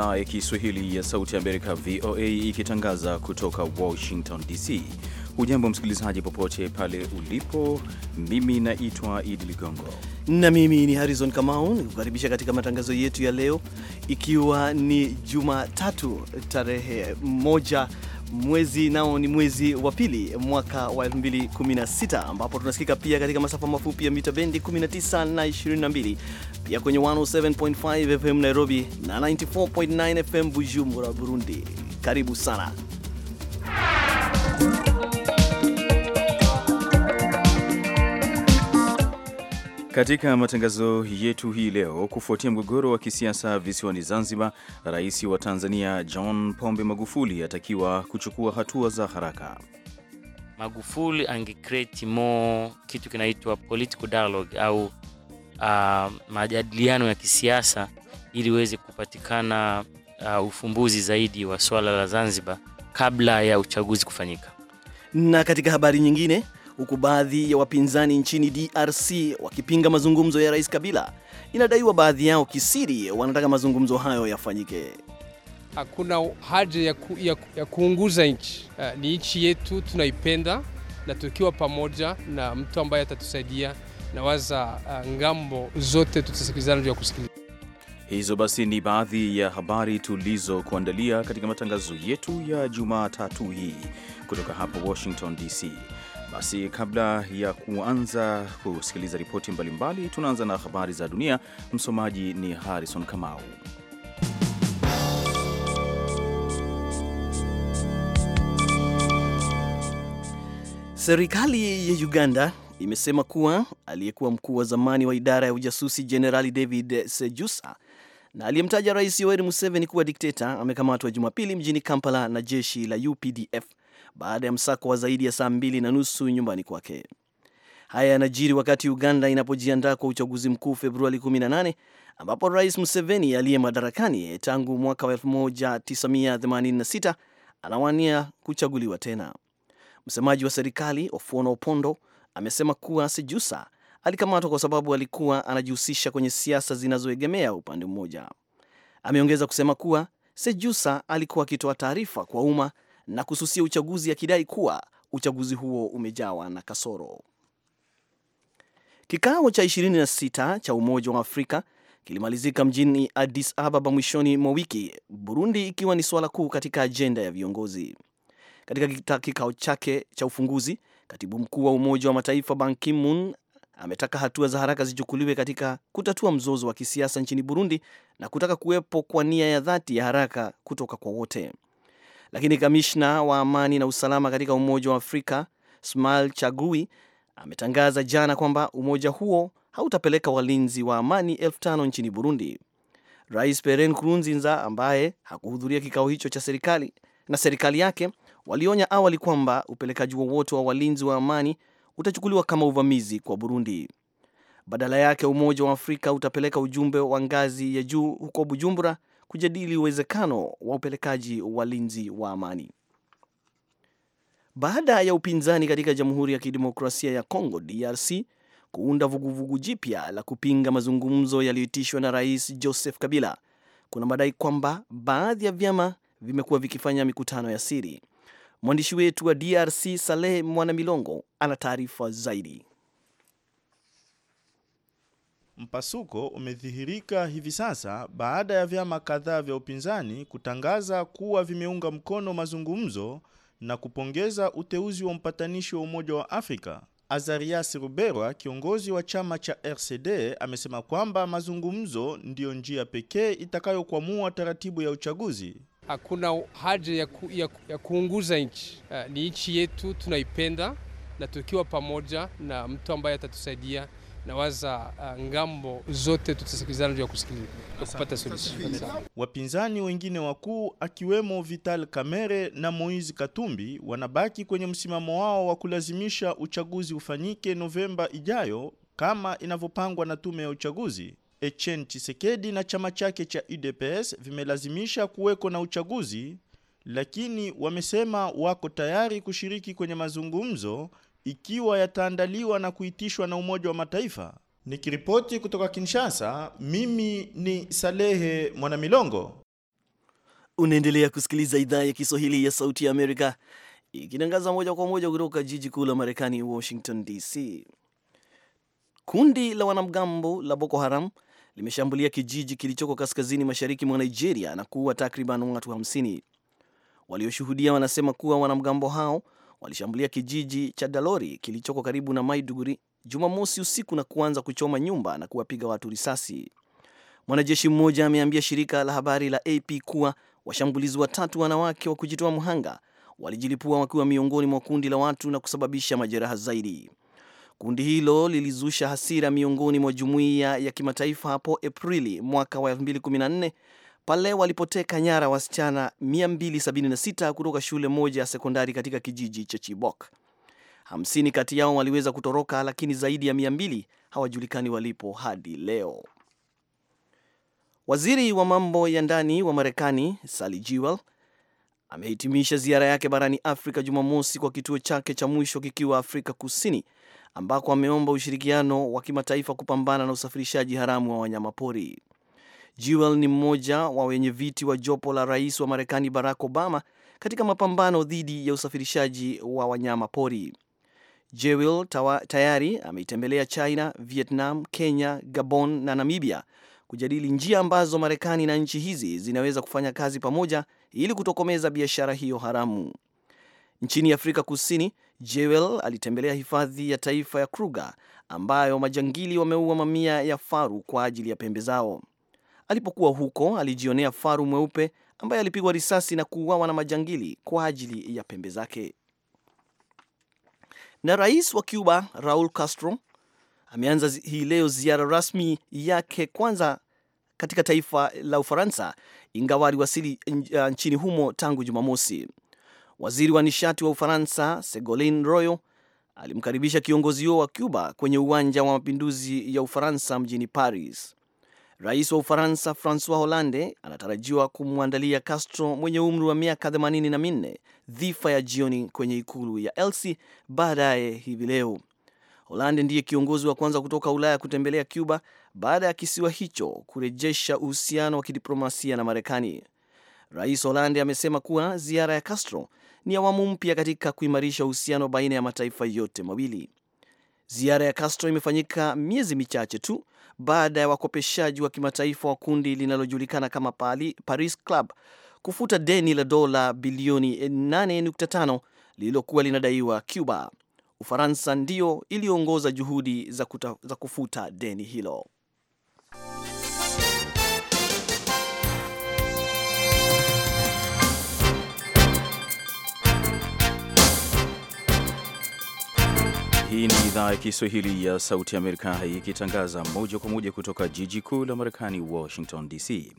idhaa ya Kiswahili ya Sauti Amerika, VOA, ikitangaza kutoka Washington DC. Hujambo msikilizaji, popote pale ulipo. Mimi naitwa Idi Ligongo na mimi ni Harrison Kamau, nikukaribisha katika matangazo yetu ya leo, ikiwa ni Jumatatu tarehe moja mwezi nao ni mwezi wa pili mwaka wa 2016 ambapo tunasikika pia katika masafa mafupi ya mita bendi 19 na 22, pia kwenye 107.5 FM Nairobi na 94.9 FM Bujumbura, Burundi. Karibu sana Katika matangazo yetu hii leo, kufuatia mgogoro wa kisiasa visiwani Zanzibar, rais wa Tanzania John Pombe Magufuli atakiwa kuchukua hatua za haraka. Magufuli angecreate more kitu kinaitwa political dialogue au uh, majadiliano ya kisiasa ili iweze kupatikana uh, ufumbuzi zaidi wa swala la Zanzibar kabla ya uchaguzi kufanyika. Na katika habari nyingine huku baadhi ya wapinzani nchini DRC wakipinga mazungumzo ya Rais Kabila. Inadaiwa baadhi yao kisiri wanataka mazungumzo hayo yafanyike. Hakuna haja ya, ku, ya, ya kuunguza nchi. Uh, ni nchi yetu tunaipenda, na tukiwa pamoja na mtu ambaye atatusaidia na waza uh, eh, ngambo zote tutasikilizana juu ya kusikiliza. Hizo basi ni baadhi ya habari tulizokuandalia katika matangazo yetu ya Jumatatu hii kutoka hapa Washington DC. Basi kabla ya kuanza kusikiliza ripoti mbalimbali, tunaanza na habari za dunia. Msomaji ni Harrison Kamau. Serikali ya Uganda imesema kuwa aliyekuwa mkuu wa zamani wa idara ya ujasusi Jenerali David Sejusa na aliyemtaja Rais Yoweri Museveni kuwa dikteta amekamatwa Jumapili mjini Kampala na jeshi la UPDF baada ya msako wa zaidi ya saa mbili na nusu nyumbani kwake. Haya yanajiri wakati Uganda inapojiandaa kwa uchaguzi mkuu Februari 18 ambapo Rais Museveni aliye madarakani tangu mwaka 1986 anawania kuchaguliwa tena. Msemaji wa serikali Ofuono Opondo amesema kuwa Sejusa alikamatwa kwa sababu alikuwa anajihusisha kwenye siasa zinazoegemea upande mmoja. Ameongeza kusema kuwa Sejusa alikuwa akitoa taarifa kwa umma na kususia uchaguzi akidai kuwa uchaguzi huo umejawa na kasoro. Kikao cha 26 cha Umoja wa Afrika kilimalizika mjini Addis Ababa mwishoni mwa wiki, Burundi ikiwa ni suala kuu katika ajenda ya viongozi. Katika kikao chake cha ufunguzi, katibu mkuu wa Umoja wa Mataifa Ban Ki-moon ametaka hatua za haraka zichukuliwe katika kutatua mzozo wa kisiasa nchini Burundi na kutaka kuwepo kwa nia ya dhati ya haraka kutoka kwa wote lakini kamishna wa amani na usalama katika Umoja wa Afrika Smail Chagui ametangaza jana kwamba umoja huo hautapeleka walinzi wa amani elfu tano nchini Burundi. Rais Pierre Nkurunziza ambaye hakuhudhuria kikao hicho cha serikali na serikali yake walionya awali kwamba upelekaji wowote wa walinzi wa amani utachukuliwa kama uvamizi kwa Burundi. Badala yake Umoja wa Afrika utapeleka ujumbe wa ngazi ya juu huko Bujumbura kujadili uwezekano wa upelekaji walinzi wa amani. Baada ya upinzani katika Jamhuri ya Kidemokrasia ya congo DRC kuunda vuguvugu jipya la kupinga mazungumzo yaliyoitishwa na Rais Joseph Kabila, kuna madai kwamba baadhi ya vyama vimekuwa vikifanya mikutano ya siri. Mwandishi wetu wa DRC Saleh Mwanamilongo ana taarifa zaidi. Mpasuko umedhihirika hivi sasa baada ya vyama kadhaa vya upinzani kutangaza kuwa vimeunga mkono mazungumzo na kupongeza uteuzi wa mpatanishi wa Umoja wa Afrika. Azarias Ruberwa, kiongozi wa chama cha RCD, amesema kwamba mazungumzo ndiyo njia pekee itakayokwamua taratibu ya uchaguzi. Hakuna haja ya, ku, ya, ya kuunguza nchi. Eh, ni nchi yetu tunaipenda, na tukiwa pamoja na mtu ambaye atatusaidia nawaza uh, ngambo zote tutasikilizana juu ya kusikiliza kupata suluhisho. Wapinzani wengine wakuu akiwemo Vital Kamerhe na Moise Katumbi wanabaki kwenye msimamo wao wa kulazimisha uchaguzi ufanyike Novemba ijayo kama inavyopangwa na tume ya uchaguzi. Etienne Tshisekedi na chama chake cha UDPS vimelazimisha kuweko na uchaguzi, lakini wamesema wako tayari kushiriki kwenye mazungumzo ikiwa yataandaliwa na kuitishwa na Umoja wa Mataifa. Nikiripoti kutoka Kinshasa, mimi ni Salehe Mwanamilongo. Unaendelea kusikiliza idhaa ya Kiswahili ya Sauti ya Amerika ikitangaza moja kwa moja kutoka jiji kuu la Marekani, Washington DC. Kundi la wanamgambo la Boko Haram limeshambulia kijiji kilichoko kaskazini mashariki mwa Nigeria na kuua takriban watu 50. Walioshuhudia wanasema kuwa wanamgambo hao walishambulia kijiji cha Dalori kilichoko karibu na Maiduguri Jumamosi usiku na kuanza kuchoma nyumba na kuwapiga watu risasi. Mwanajeshi mmoja ameambia shirika la habari la AP kuwa washambulizi watatu wanawake wa kujitoa mhanga walijilipua wakiwa miongoni mwa kundi la watu na kusababisha majeraha zaidi. Kundi hilo lilizusha hasira miongoni mwa jumuiya ya kimataifa hapo Aprili mwaka wa 2014 pale walipoteka nyara wasichana 276 kutoka shule moja ya sekondari katika kijiji cha Chibok. 50 kati yao waliweza kutoroka, lakini zaidi ya 200 hawajulikani walipo hadi leo. Waziri wa mambo ya ndani wa Marekani Sally Jewell amehitimisha ziara yake barani Afrika Jumamosi kwa kituo chake cha mwisho kikiwa Afrika Kusini, ambako ameomba ushirikiano wa kimataifa kupambana na usafirishaji haramu wa wanyamapori. Jewel ni mmoja wa wenye viti wa jopo la rais wa Marekani Barack Obama katika mapambano dhidi ya usafirishaji wa wanyama pori. Jewell tayari ameitembelea China, Vietnam, Kenya, Gabon na Namibia kujadili njia ambazo Marekani na nchi hizi zinaweza kufanya kazi pamoja ili kutokomeza biashara hiyo haramu. Nchini Afrika Kusini, Jewel alitembelea hifadhi ya taifa ya Kruger ambayo majangili wameua mamia ya faru kwa ajili ya pembe zao. Alipokuwa huko, alijionea faru mweupe ambaye alipigwa risasi na kuuawa na majangili kwa ajili ya pembe zake. Na rais wa Cuba Raul Castro ameanza hii leo ziara rasmi yake kwanza katika taifa la Ufaransa, ingawa aliwasili uh, nchini humo tangu Jumamosi. Waziri wa nishati wa Ufaransa Segolin Royal alimkaribisha kiongozi huo wa Cuba kwenye uwanja wa mapinduzi ya Ufaransa mjini Paris. Rais wa Ufaransa Francois Hollande anatarajiwa kumwandalia Castro mwenye umri wa miaka 84 dhifa ya jioni kwenye ikulu ya Elsi baadaye hivi leo. Hollande ndiye kiongozi wa kwanza kutoka Ulaya kutembelea Cuba baada ya kisiwa hicho kurejesha uhusiano wa kidiplomasia na Marekani. Rais Hollande amesema kuwa ziara ya Castro ni awamu mpya katika kuimarisha uhusiano baina ya mataifa yote mawili. Ziara ya Castro imefanyika miezi michache tu baada ya wakopeshaji wa kimataifa wa kundi linalojulikana kama Paris Club kufuta deni la dola bilioni 8.5 lililokuwa linadaiwa Cuba. Ufaransa ndiyo iliongoza juhudi za, kuta, za kufuta deni hilo. Hii ni idhaa ya Kiswahili ya Sauti Amerika ikitangaza moja kwa moja kutoka jiji kuu la Marekani, Washington DC.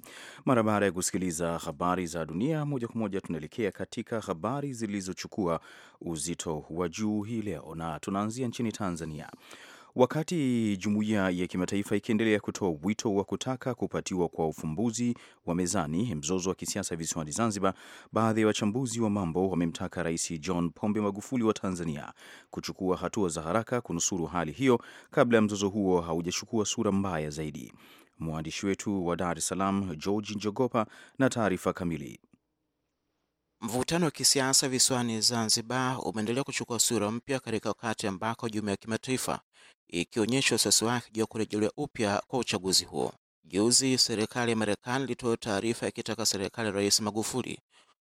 Mara baada ya kusikiliza habari za dunia moja kwa moja, tunaelekea katika habari zilizochukua uzito wa juu hii leo, na tunaanzia nchini Tanzania Wakati jumuiya ya kimataifa ikiendelea kutoa wito wa kutaka kupatiwa kwa ufumbuzi wa mezani mzozo wa kisiasa visiwani Zanzibar, baadhi ya wachambuzi wa mambo wamemtaka Rais John Pombe Magufuli wa Tanzania kuchukua hatua za haraka kunusuru hali hiyo kabla ya mzozo huo haujachukua sura mbaya zaidi. Mwandishi wetu wa Dar es Salaam George Njogopa na taarifa kamili. Mvutano wa kisiasa visiwani Zanzibar umeendelea kuchukua sura mpya katika wakati ambako jumuiya ya kimataifa ikionyesha wasiwasi wake juu ya kurejelewa upya kwa uchaguzi huo. Juzi serikali ya Marekani ilitoa taarifa ikitaka serikali ya Rais Magufuli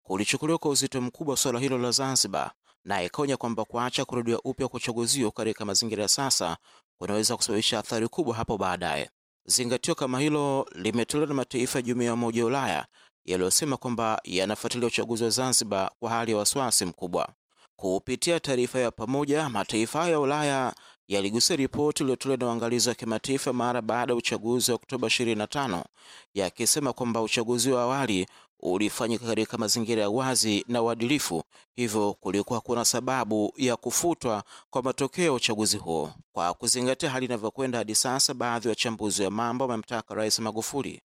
kulichukuliwa kwa uzito mkubwa suala hilo la Zanzibar, na ikaonya kwamba kuacha kurudiwa upya kwa uchaguzi huo katika mazingira ya sasa kunaweza kusababisha athari kubwa hapo baadaye. Zingatio kama hilo limetolewa na mataifa ya Jumuiya ya Umoja wa Ulaya yaliyosema kwamba yanafuatilia uchaguzi wa Zanzibar kwa hali ya wasiwasi mkubwa. Kupitia taarifa ya pamoja, mataifa hayo ya Ulaya yaligusia ripoti iliyotolewa na uangalizi wa kimataifa mara baada ya uchaguzi wa Oktoba 25 yakisema kwamba uchaguzi wa awali ulifanyika katika mazingira ya wazi na uadilifu, hivyo kulikuwa kuna sababu ya kufutwa kwa matokeo ya uchaguzi huo. Kwa kuzingatia hali inavyokwenda hadi sasa, baadhi ya wachambuzi wa mambo wamemtaka Rais Magufuli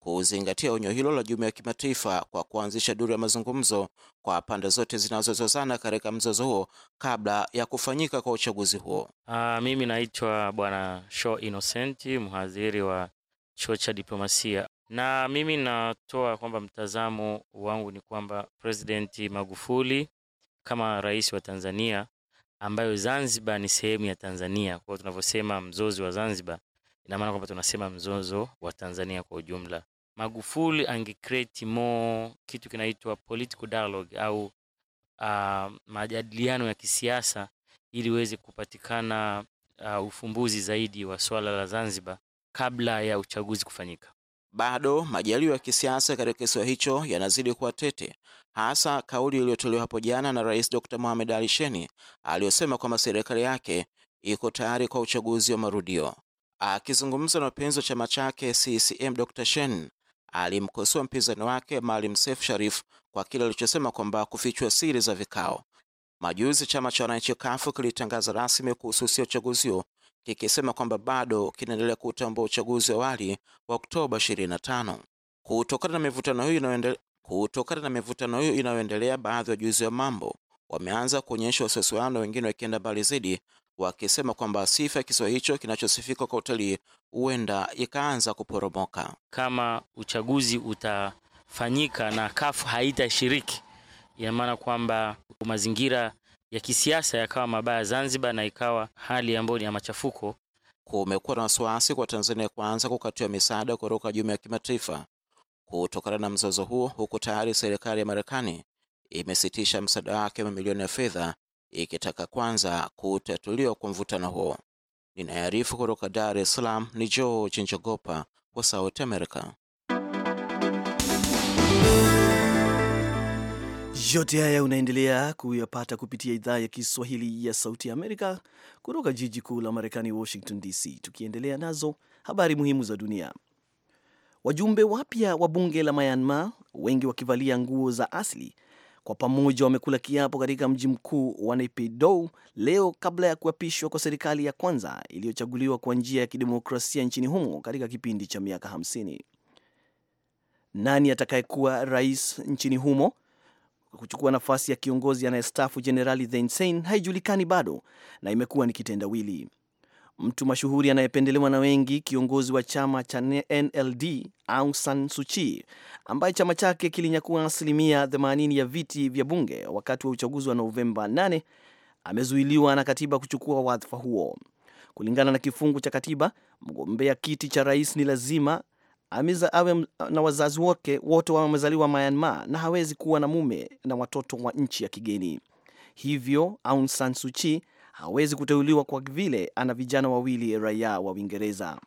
kuzingatia onyo hilo la jumuiya ya kimataifa kwa kuanzisha duru ya mazungumzo kwa pande zote zinazozozana katika mzozo huo kabla ya kufanyika kwa uchaguzi huo. Aa, ah, mimi naitwa Bwana Sho Innocent, mhadhiri wa chuo cha diplomasia, na mimi natoa kwamba mtazamo wangu ni kwamba President Magufuli kama rais wa Tanzania, ambayo Zanzibar ni sehemu ya Tanzania, kwa tunavyosema mzozi wa Zanzibar ina maana kwamba tunasema mzozo wa Tanzania kwa ujumla. Magufuli angecreate more kitu kinaitwa political dialogue au uh, majadiliano ya kisiasa ili iweze kupatikana uh, ufumbuzi zaidi wa swala la Zanzibar kabla ya uchaguzi kufanyika. Bado majaliwa ya kisiasa katika kisiwa hicho yanazidi kuwa tete, hasa kauli iliyotolewa hapo jana na Rais Dr. Mohamed Ali Sheni aliyosema kwamba serikali yake iko tayari kwa uchaguzi wa marudio. Akizungumza na wapenzi wa chama chake CCM, Dr. Shen alimkosoa mpinzani wake Maalim Seif Sharif kwa kile alichosema kwamba kufichwa siri za vikao. Majuzi chama cha wananchi CUF kilitangaza rasmi kuhususia uchaguzi huo kikisema kwamba bado kinaendelea kutambua uchaguzi wa awali wa Oktoba 25. Kutokana na mivutano hiyo inayoendelea kutokana na mivutano hiyo inayoendelea, baadhi ya wajuzi wa mambo wameanza kuonyesha wasiwasi wao na wengine wakienda mbali zaidi wakisema kwamba sifa ya kisiwa hicho kinachosifika kwa utalii huenda ikaanza kuporomoka kama uchaguzi utafanyika na kafu haitashiriki. Ina maana kwamba mazingira ya kisiasa yakawa mabaya Zanzibar na ikawa hali ambayo ni ya machafuko. Kumekuwa na wasiwasi kwa Tanzania kuanza kukatiwa misaada kutoka jumuiya ya kimataifa kutokana na mzozo huo, huku tayari serikali ya Marekani imesitisha msaada wake mamilioni ya fedha ikitaka kwanza kutatuliwa kwa mvutano huo. ninayarifu kutoka Dar es Salaam ni George Njogopa wa Sauti Amerika. Yote haya unaendelea kuyapata kupitia idhaa ya Kiswahili ya Sauti ya Amerika kutoka jiji kuu la Marekani, Washington DC. Tukiendelea nazo habari muhimu za dunia, wajumbe wapya wa bunge la Myanmar, wengi wakivalia nguo za asili, kwa pamoja wamekula kiapo katika mji mkuu wa Naypyidaw leo kabla ya kuapishwa kwa serikali ya kwanza iliyochaguliwa kwa njia ya kidemokrasia nchini humo katika kipindi cha miaka 50. Nani atakayekuwa rais nchini humo kuchukua nafasi ya kiongozi anayestaafu Jenerali Thein Sein haijulikani bado na imekuwa ni kitendawili. Mtu mashuhuri anayependelewa na wengi, kiongozi wa chama cha NLD Aung San Suu Kyi, ambaye chama chake kilinyakua asilimia 80 ya viti vya bunge wakati wa uchaguzi wa Novemba 8, amezuiliwa na katiba kuchukua wadhifa huo. Kulingana na kifungu cha katiba, mgombea kiti cha rais ni lazima ameza awe na wazazi wote wote wamezaliwa Myanmar na hawezi kuwa na mume na watoto wa nchi ya kigeni. Hivyo Aung San Suu Kyi hawezi kuteuliwa kwa vile ana vijana wawili raia wa Uingereza.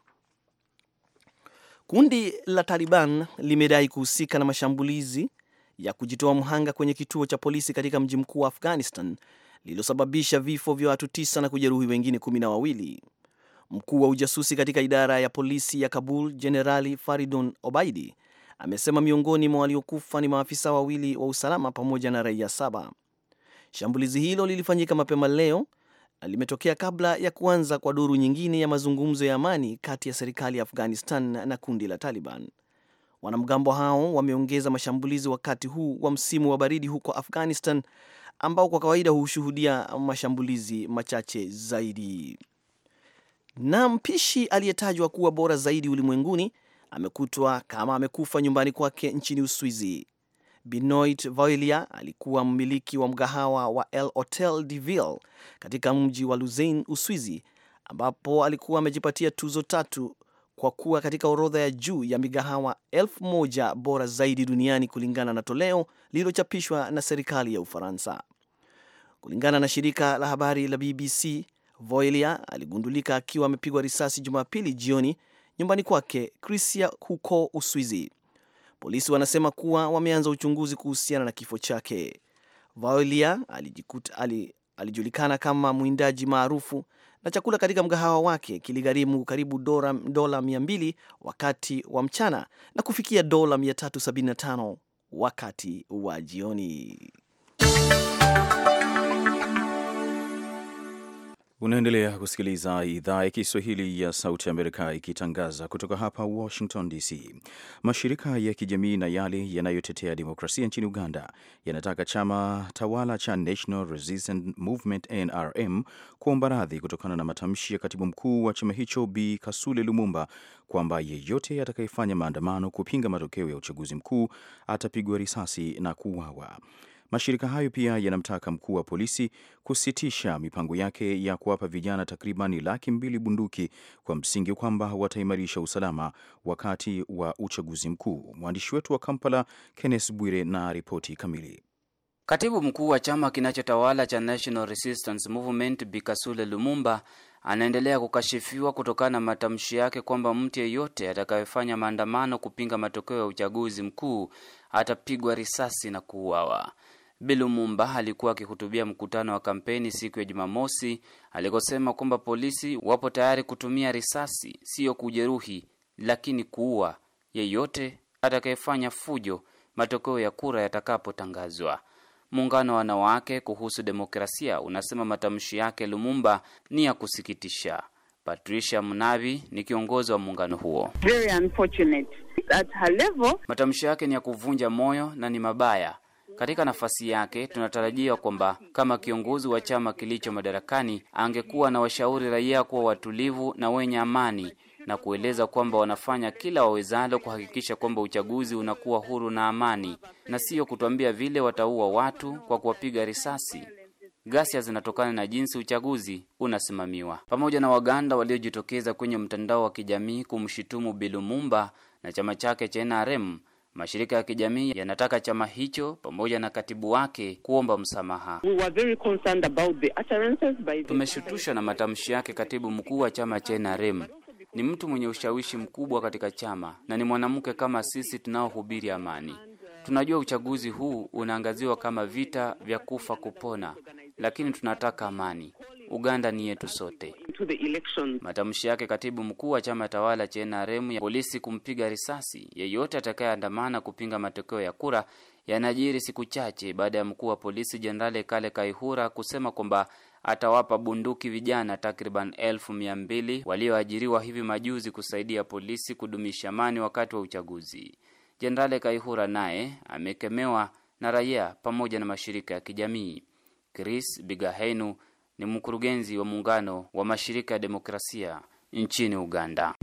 Kundi la Taliban limedai kuhusika na mashambulizi ya kujitoa mhanga kwenye kituo cha polisi katika mji mkuu wa Afghanistan lililosababisha vifo vya watu tisa na kujeruhi wengine kumi na wawili. Mkuu wa ujasusi katika idara ya polisi ya Kabul, Jenerali Faridun Obaidi, amesema miongoni mwa waliokufa ni maafisa wawili wa usalama pamoja na raia saba. Shambulizi hilo lilifanyika mapema leo limetokea kabla ya kuanza kwa duru nyingine ya mazungumzo ya amani kati ya serikali ya Afghanistan na kundi la Taliban. Wanamgambo hao wameongeza mashambulizi wakati huu wa msimu wa baridi huko Afghanistan, ambao kwa kawaida hushuhudia mashambulizi machache zaidi. Na mpishi aliyetajwa kuwa bora zaidi ulimwenguni amekutwa kama amekufa nyumbani kwake nchini Uswizi. Benoit Voilia alikuwa mmiliki wa mgahawa wa El Hotel de Ville katika mji wa Lausanne, Uswizi, ambapo alikuwa amejipatia tuzo tatu kwa kuwa katika orodha ya juu ya migahawa elfu moja bora zaidi duniani kulingana na toleo lililochapishwa na serikali ya Ufaransa. Kulingana na shirika la habari la BBC, Voilier aligundulika akiwa amepigwa risasi Jumapili jioni nyumbani kwake Krisia huko Uswizi. Polisi wanasema kuwa wameanza uchunguzi kuhusiana na kifo chake. Vaolia alijulikana kama mwindaji maarufu na chakula katika mgahawa wake kiligharimu karibu dola 200 wakati wa mchana na kufikia dola 375 wakati wa jioni. Unaendelea kusikiliza idhaa ya Kiswahili ya Sauti Amerika ikitangaza kutoka hapa Washington DC. Mashirika ya kijamii na yale yanayotetea demokrasia nchini Uganda yanataka chama tawala cha National Resistance Movement NRM kuomba radhi kutokana na matamshi ya katibu mkuu wa chama hicho Bi Kasule Lumumba kwamba yeyote atakayefanya maandamano kupinga matokeo ya uchaguzi mkuu atapigwa risasi na kuuawa. Mashirika hayo pia yanamtaka mkuu wa polisi kusitisha mipango yake ya kuwapa vijana takribani laki mbili bunduki kwa msingi kwamba wataimarisha usalama wakati wa uchaguzi mkuu. Mwandishi wetu wa Kampala, Kenneth Bwire, na ripoti kamili. Katibu mkuu wa chama kinachotawala cha National Resistance Movement Bikasule Lumumba anaendelea kukashifiwa kutokana na matamshi yake kwamba mtu yeyote atakayefanya maandamano kupinga matokeo ya uchaguzi mkuu atapigwa risasi na kuuawa. Bilumumba alikuwa akihutubia mkutano wa kampeni siku ya Jumamosi alikosema kwamba polisi wapo tayari kutumia risasi, siyo kujeruhi, lakini kuua yeyote atakayefanya fujo matokeo ya kura yatakapotangazwa. Muungano wa wanawake kuhusu demokrasia unasema matamshi yake Lumumba ni ya kusikitisha. Patricia Mnavi ni kiongozi wa muungano huo. Very unfortunate. At her level... matamshi yake ni ya kuvunja moyo na ni mabaya katika nafasi yake, tunatarajia kwamba kama kiongozi wa chama kilicho madarakani angekuwa na washauri raia kuwa watulivu na wenye amani na kueleza kwamba wanafanya kila wawezalo kuhakikisha kwamba uchaguzi unakuwa huru na amani, na sio kutuambia vile wataua watu kwa kuwapiga risasi. Ghasia zinatokana na jinsi uchaguzi unasimamiwa. Pamoja na Waganda waliojitokeza kwenye mtandao wa kijamii kumshutumu bilumumba na chama chake cha NRM Mashirika ya kijamii yanataka chama hicho pamoja na katibu wake kuomba msamaha. Tumeshutushwa na matamshi yake katibu mkuu wa chama cha NRM. Ni mtu mwenye ushawishi mkubwa katika chama na ni mwanamke kama sisi tunaohubiri amani. Tunajua uchaguzi huu unaangaziwa kama vita vya kufa kupona, lakini tunataka amani. Uganda ni yetu sote. Matamshi yake katibu mkuu wa chama tawala cha NRM ya polisi kumpiga risasi yeyote atakayeandamana kupinga matokeo ya kura yanajiri siku chache baada ya mkuu wa polisi Jenerali Kale Kaihura kusema kwamba atawapa bunduki vijana takriban elfu mia mbili walioajiriwa hivi majuzi kusaidia polisi kudumisha amani wakati wa uchaguzi. Jenerali Kaihura naye amekemewa na raia pamoja na mashirika ya kijamii. Chris Bigahenu ni mkurugenzi wa muungano wa mashirika ya demokrasia nchini Uganda.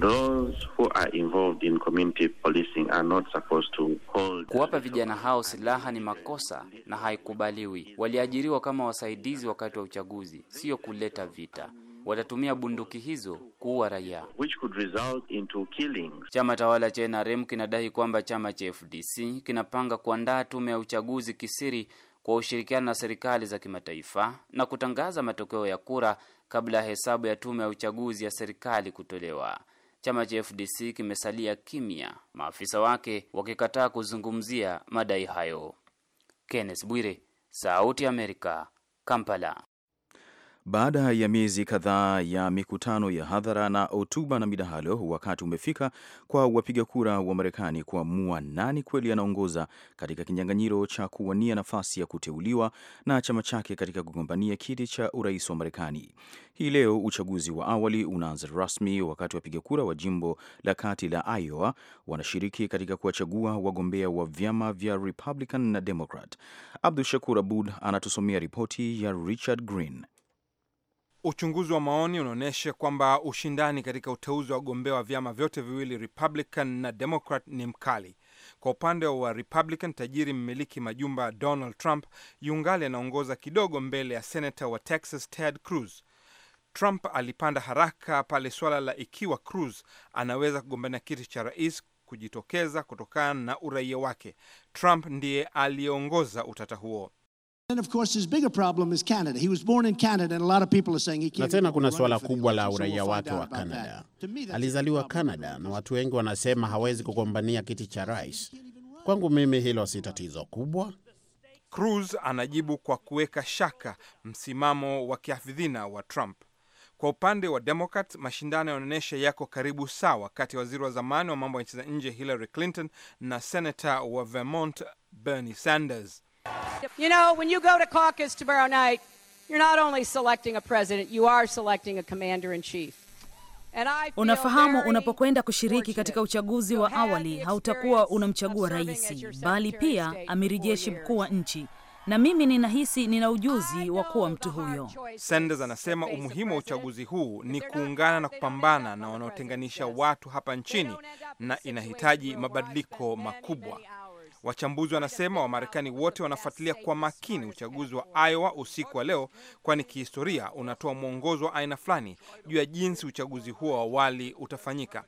Kuwapa vijana hao silaha ni makosa na haikubaliwi. Waliajiriwa kama wasaidizi wakati wa uchaguzi, sio kuleta vita. Watatumia bunduki hizo kuua raia. Chama tawala cha NRM kinadai kwamba chama cha FDC kinapanga kuandaa tume ya uchaguzi kisiri kwa ushirikiano na serikali za kimataifa na kutangaza matokeo ya kura kabla ya hesabu ya tume ya uchaguzi ya serikali kutolewa. Chama cha FDC kimesalia kimya, maafisa wake wakikataa kuzungumzia madai hayo. Kenneth Bwire, Sauti ya Amerika, Kampala. Baada ya miezi kadhaa ya mikutano ya hadhara na hotuba na midahalo, wakati umefika kwa wapiga kura wa Marekani kuamua nani kweli anaongoza katika kinyang'anyiro cha kuwania nafasi ya kuteuliwa na chama chake katika kugombania kiti cha urais wa Marekani. Hii leo uchaguzi wa awali unaanza rasmi, wakati wapiga kura wa jimbo la kati la Iowa wanashiriki katika kuwachagua wagombea wa vyama vya Republican na Democrat. Abdu Shakur Abud anatusomea ripoti ya Richard Green. Uchunguzi wa maoni unaonyesha kwamba ushindani katika uteuzi wa wagombea wa vyama vyote viwili Republican na Democrat ni mkali. Kwa upande wa Republican, tajiri mmiliki majumba Donald Trump yungali anaongoza kidogo mbele ya senata wa Texas Ted Cruz. Trump alipanda haraka pale swala la ikiwa Cruz anaweza kugombania kiti cha rais kujitokeza kutokana na uraia wake. Trump ndiye aliyeongoza utata huo. Na tena kuna suala kubwa la uraia wake wa Canada. Alizaliwa Canada na watu wengi wanasema hawezi kugombania kiti cha rais. Kwangu mimi hilo si tatizo kubwa. Cruz anajibu kwa kuweka shaka msimamo wa kiafidhina wa Trump. Kwa upande wa demokrat mashindano yanaonyesha yako karibu sawa kati ya waziri wa zamani wa mambo ya nchi za nje Hillary Clinton na senata wa Vermont Bernie Sanders. You know, when you go to caucus tomorrow night, you're not only selecting a president, you are selecting a commander in chief. Unafahamu, unapokwenda kushiriki katika uchaguzi wa awali hautakuwa unamchagua rais, bali pia amiri jeshi mkuu wa nchi na mimi ninahisi nina ujuzi wa kuwa mtu huyo. Sanders anasema umuhimu wa uchaguzi huu ni kuungana na kupambana na wanaotenganisha watu hapa nchini, na inahitaji mabadiliko makubwa. Wachambuzi wanasema Wamarekani wote wanafuatilia kwa makini uchaguzi wa Iowa usiku wa leo, kwani kihistoria unatoa mwongozo wa aina fulani juu ya jinsi uchaguzi huo wa awali utafanyika.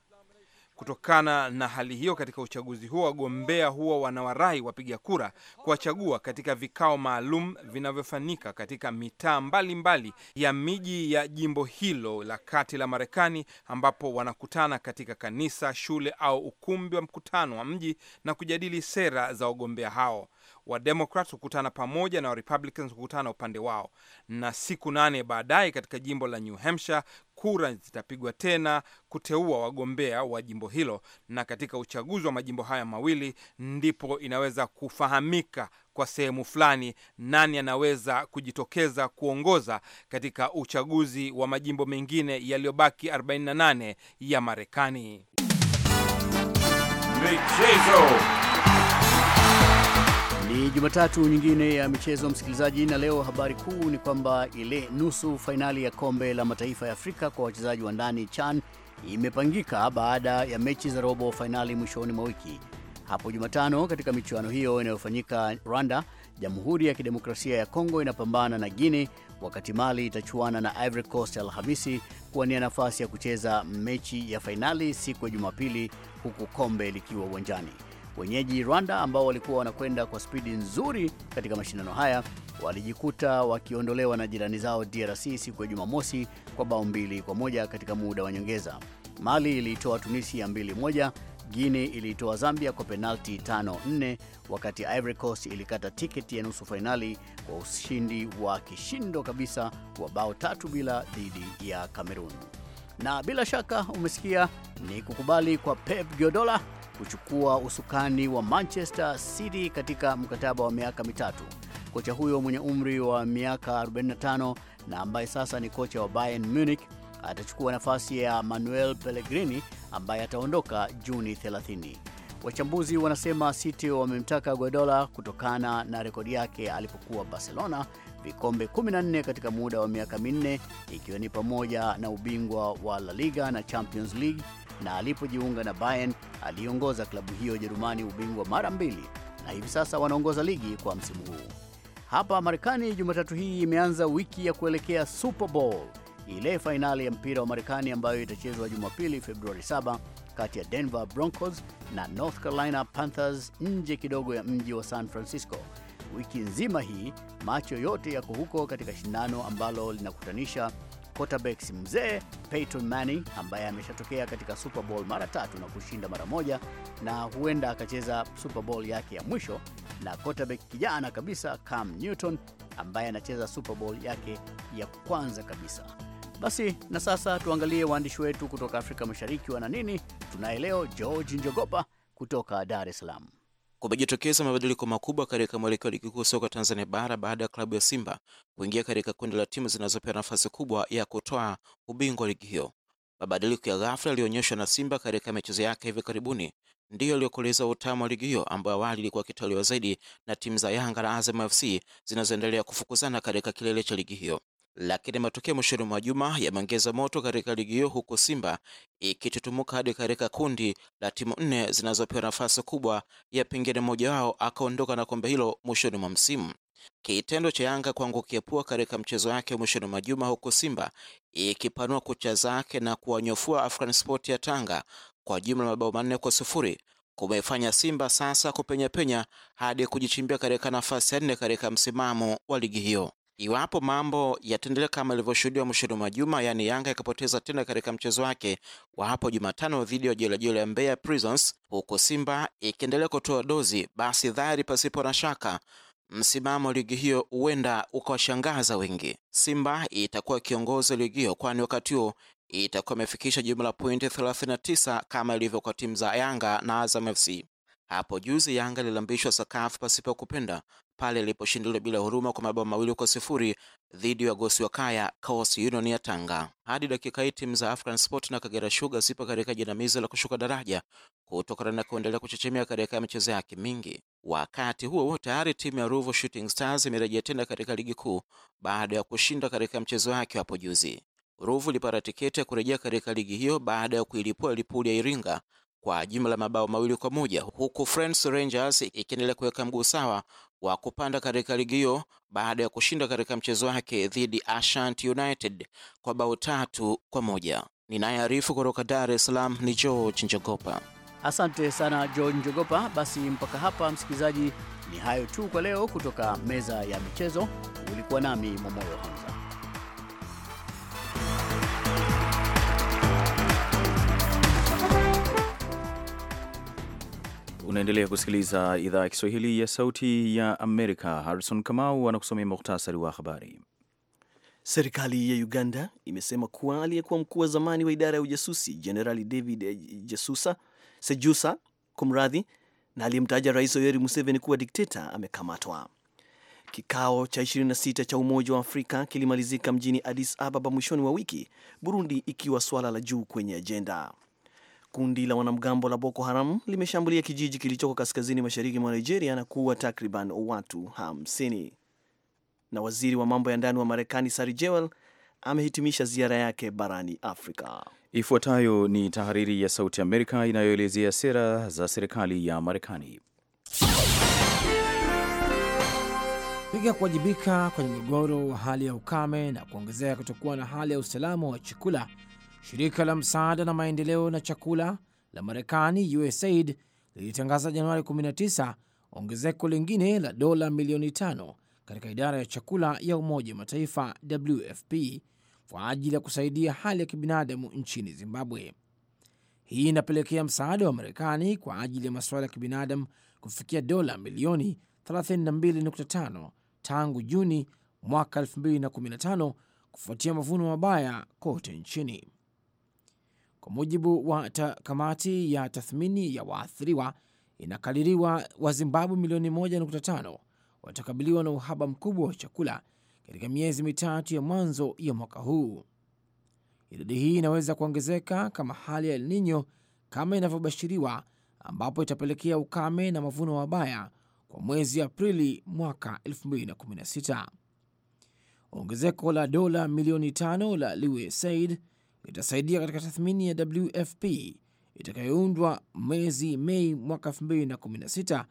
Kutokana na hali hiyo, katika uchaguzi huo wagombea huwa wanawarai wapiga kura kuwachagua katika vikao maalum vinavyofanyika katika mitaa mbalimbali ya miji ya jimbo hilo la kati la Marekani, ambapo wanakutana katika kanisa, shule au ukumbi wa mkutano wa mji na kujadili sera za wagombea hao. Wademokrat hukutana pamoja na Warepublicans hukutana upande wao, na siku nane baadaye katika jimbo la New Hampshire kura zitapigwa tena kuteua wagombea wa jimbo hilo, na katika uchaguzi wa majimbo haya mawili ndipo inaweza kufahamika kwa sehemu fulani nani anaweza kujitokeza kuongoza katika uchaguzi wa majimbo mengine yaliyobaki 48 ya Marekani. Michezo. Ni Jumatatu nyingine ya michezo, msikilizaji, na leo habari kuu ni kwamba ile nusu fainali ya kombe la mataifa ya Afrika kwa wachezaji wa ndani CHAN imepangika baada ya mechi za robo fainali mwishoni mwa wiki. Hapo Jumatano katika michuano hiyo inayofanyika Rwanda, Jamhuri ya Kidemokrasia ya Kongo inapambana na Guinea, wakati Mali itachuana na Ivory Coast Alhamisi kuwania nafasi ya kucheza mechi ya fainali siku ya Jumapili, huku kombe likiwa uwanjani. Wenyeji Rwanda ambao walikuwa wanakwenda kwa spidi nzuri katika mashindano haya walijikuta wakiondolewa na jirani zao DRC siku ya Jumamosi kwa bao mbili kwa moja katika muda wa nyongeza. Mali iliitoa Tunisia mbili moja. Guinea iliitoa Zambia kwa penalti tano nne, wakati Ivory Coast ilikata tiketi ya nusu fainali kwa ushindi wa kishindo kabisa wa bao tatu bila dhidi ya Kamerun. Na bila shaka umesikia ni kukubali kwa Pep Guardiola kuchukua usukani wa Manchester City katika mkataba wa miaka mitatu. Kocha huyo mwenye umri wa miaka 45 na ambaye sasa ni kocha wa Bayern Munich atachukua nafasi ya Manuel Pellegrini ambaye ataondoka Juni 30. Wachambuzi wanasema City wamemtaka Guardiola kutokana na rekodi yake alipokuwa Barcelona, vikombe 14 katika muda wa miaka minne, ikiwa ni pamoja na ubingwa wa La Liga na Champions League na alipojiunga na Bayern aliongoza klabu hiyo Ujerumani ubingwa mara mbili na hivi sasa wanaongoza ligi kwa msimu huu. Hapa Marekani Jumatatu hii imeanza wiki ya kuelekea Super Bowl, ile fainali ya mpira wa Marekani ambayo itachezwa Jumapili Februari 7 kati ya Denver Broncos na North Carolina Panthers nje kidogo ya mji wa San Francisco. Wiki nzima hii macho yote yako huko katika shindano ambalo linakutanisha quarterbacks mzee Peyton Manning ambaye ameshatokea katika Super Bowl mara tatu na kushinda mara moja, na huenda akacheza Super Bowl yake ya mwisho, na quarterback kijana kabisa Cam Newton ambaye anacheza Super Bowl yake ya kwanza kabisa. Basi na sasa tuangalie waandishi wetu kutoka Afrika Mashariki wana nini. Tunaye leo George Njogopa kutoka Dar es Salaam kumejitokeza mabadiliko makubwa katika mwelekeo wa ligi kuu soka Tanzania bara baada ya klabu ya Simba kuingia katika kundi la timu zinazopewa nafasi kubwa ya kutoa ubingwa ligi hiyo. Mabadiliko ya ghafla yaliyoonyeshwa na Simba katika michezo yake hivi karibuni ndiyo iliyokoleza utamu wa ligi hiyo ambayo awali ilikuwa ikitolewa zaidi na timu za Yanga na Azam FC zinazoendelea kufukuzana katika kilele cha ligi hiyo lakini matokeo mwishoni mwa juma yameongeza moto katika ligi hiyo, huku Simba ikitutumuka hadi katika kundi la timu nne zinazopewa nafasi kubwa ya pengine mmoja wao akaondoka na kombe hilo mwishoni mwa msimu. Kitendo cha Yanga kuangukia pua katika mchezo wake mwishoni mwa juma, huku Simba ikipanua kucha zake na kuwanyofua African Sport ya Tanga kwa jumla mabao manne kwa sufuri kumefanya Simba sasa kupenya penya hadi kujichimbia katika nafasi ya nne katika msimamo wa ligi hiyo. Iwapo mambo yataendelea kama ilivyoshuhudiwa mwishoni mwa juma, yaani Yanga ikapoteza tena katika mchezo wake wa hapo Jumatano dhidi ya Jelajola ya Mbeya Prisons, huku Simba ikiendelea kutoa dozi, basi dhahiri pasipo na shaka msimamo wa ligi hiyo huenda ukawashangaza wengi. Simba itakuwa kiongozi wa ligi hiyo, kwani wakati huo itakuwa imefikisha jumla pointi 39 kama ilivyo kwa timu za Yanga na Azam FC. Hapo juzi Yanga ililambishwa sakafu pasipo kupenda pale iliposhindiliwa bila huruma kwa mabao mawili kwa sifuri dhidi ya gosi wa kaya Coast Union ya Tanga. Hadi dakika hii timu za African Sport na Kagera Sugar zipo katika jinamizi la kushuka daraja kutokana na kuendelea kuchechemea katika michezo yake mingi. Wakati huo huo, tayari timu ya Ruvu Shooting Stars imerejea tena katika ligi kuu baada ya kushinda katika mchezo wake hapo juzi. Ruvu ilipata tiketi ya kurejea katika ligi hiyo baada ya kuilipua Lipuli ya Iringa kwa jumla mabao mawili kwa moja huku Friends Rangers ikiendelea kuweka mguu sawa wa kupanda katika ligi hiyo baada ya kushinda katika mchezo wake dhidi ashant United kwa bao tatu kwa moja. Ninayearifu kutoka Dar es Salaam ni George Njogopa. Asante sana George Njogopa. Basi mpaka hapa, msikilizaji, ni hayo tu kwa leo kutoka meza ya michezo. Ulikuwa nami Momoyo Hamza. Unaendelea kusikiliza idhaa ya Kiswahili ya Sauti ya Amerika. Harrison Kamau anakusomea muhtasari wa habari. Serikali ya Uganda imesema kuwa aliyekuwa mkuu wa zamani wa idara ya ujasusi Jenerali David eh, Jesusa, Sejusa kumradhi, na aliyemtaja Rais Yoweri Museveni kuwa dikteta amekamatwa. Kikao cha 26 cha Umoja wa Afrika kilimalizika mjini Addis Ababa mwishoni wa wiki, Burundi ikiwa swala la juu kwenye ajenda. Kundi la wanamgambo la Boko Haram limeshambulia kijiji kilichoko kaskazini mashariki mwa Nigeria na kuua takriban watu hamsini. Na waziri wa mambo ya ndani wa Marekani Sari Jewel amehitimisha ziara yake barani Afrika. Ifuatayo ni tahariri ya Sauti Amerika inayoelezea sera za serikali ya Marekani. Piga kuwajibika kwenye mgogoro wa hali ya ukame na kuongezeka kutokuwa na hali ya usalama wa chakula Shirika la msaada na maendeleo na chakula la Marekani, USAID, lilitangaza Januari 19 ongezeko lingine la dola milioni tano katika idara ya chakula ya Umoja wa Mataifa, WFP, kwa ajili ya kusaidia hali ya kibinadamu nchini Zimbabwe. Hii inapelekea msaada wa Marekani kwa ajili ya masuala ya kibinadamu kufikia dola milioni 32.5 tangu Juni mwaka 2015 kufuatia mavuno mabaya kote nchini. Kwa mujibu wa kamati ya tathmini ya waathiriwa, inakadiriwa Wazimbabwe milioni 1.5 watakabiliwa na uhaba mkubwa wa chakula katika miezi mitatu ya mwanzo ya mwaka huu. Idadi hii inaweza kuongezeka kama hali ya El Nino kama inavyobashiriwa, ambapo itapelekea ukame na mavuno mabaya kwa mwezi Aprili mwaka 2016. Ongezeko la dola milioni tano la USAID itasaidia katika tathmini ya WFP itakayoundwa mwezi Mei mwaka 2016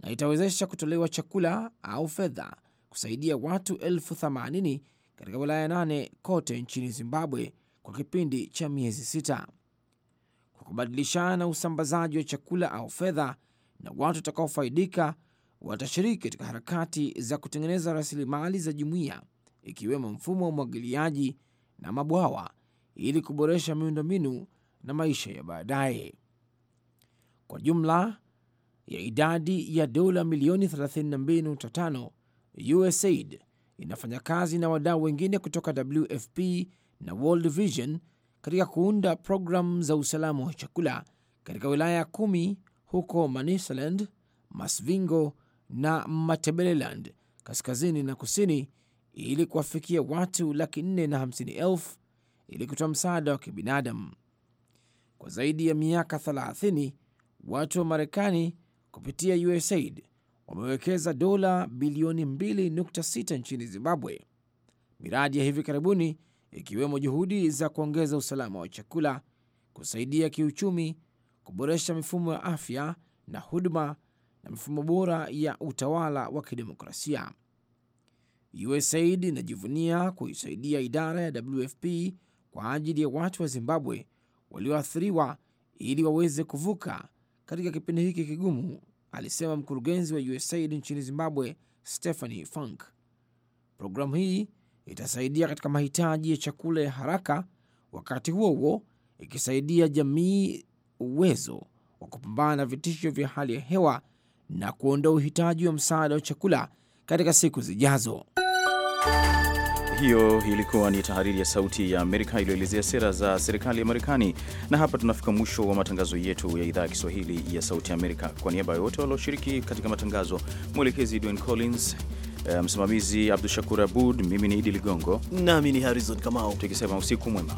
na itawezesha kutolewa chakula au fedha kusaidia watu elfu themanini katika wilaya nane kote nchini Zimbabwe kwa kipindi cha miezi sita kwa kubadilishana usambazaji wa chakula au fedha, na watu watakaofaidika watashiriki katika harakati za kutengeneza rasilimali za jumuiya, ikiwemo mfumo wa umwagiliaji na mabwawa ili kuboresha miundombinu na maisha ya baadaye. Kwa jumla ya idadi ya dola milioni 32.5, USAID inafanya kazi na wadau wengine kutoka WFP na World Vision katika kuunda programu za usalama wa chakula katika wilaya kumi huko Manicaland, Masvingo na Matabeleland kaskazini na kusini ili kuwafikia watu laki nne na hamsini elfu ili kutoa msaada wa kibinadamu. Kwa zaidi ya miaka 30 watu wa Marekani kupitia USAID wamewekeza dola bilioni 2.6 nchini Zimbabwe, miradi ya hivi karibuni ikiwemo juhudi za kuongeza usalama wa chakula, kusaidia kiuchumi, kuboresha mifumo ya afya na huduma na mifumo bora ya utawala wa kidemokrasia. USAID inajivunia kuisaidia idara ya WFP kwa ajili ya watu wa Zimbabwe walioathiriwa ili waweze kuvuka katika kipindi hiki kigumu, alisema mkurugenzi wa USAID nchini Zimbabwe, Stephanie Funk. Programu hii itasaidia katika mahitaji ya chakula ya haraka, wakati huo huo ikisaidia jamii uwezo wa kupambana na vitisho vya hali ya hewa na kuondoa uhitaji wa msaada wa chakula katika siku zijazo hiyo ilikuwa ni tahariri ya Sauti ya Amerika iliyoelezea sera za serikali ya Marekani. Na hapa tunafika mwisho wa matangazo yetu ya idhaa ya Kiswahili ya Sauti ya Amerika. Kwa niaba ya wote walioshiriki katika matangazo, mwelekezi Dwayne Collins, eh, msimamizi Abdu Shakur Abud, mimi ni Idi Ligongo nami ni Harrison Kamau, tukisema usiku mwema.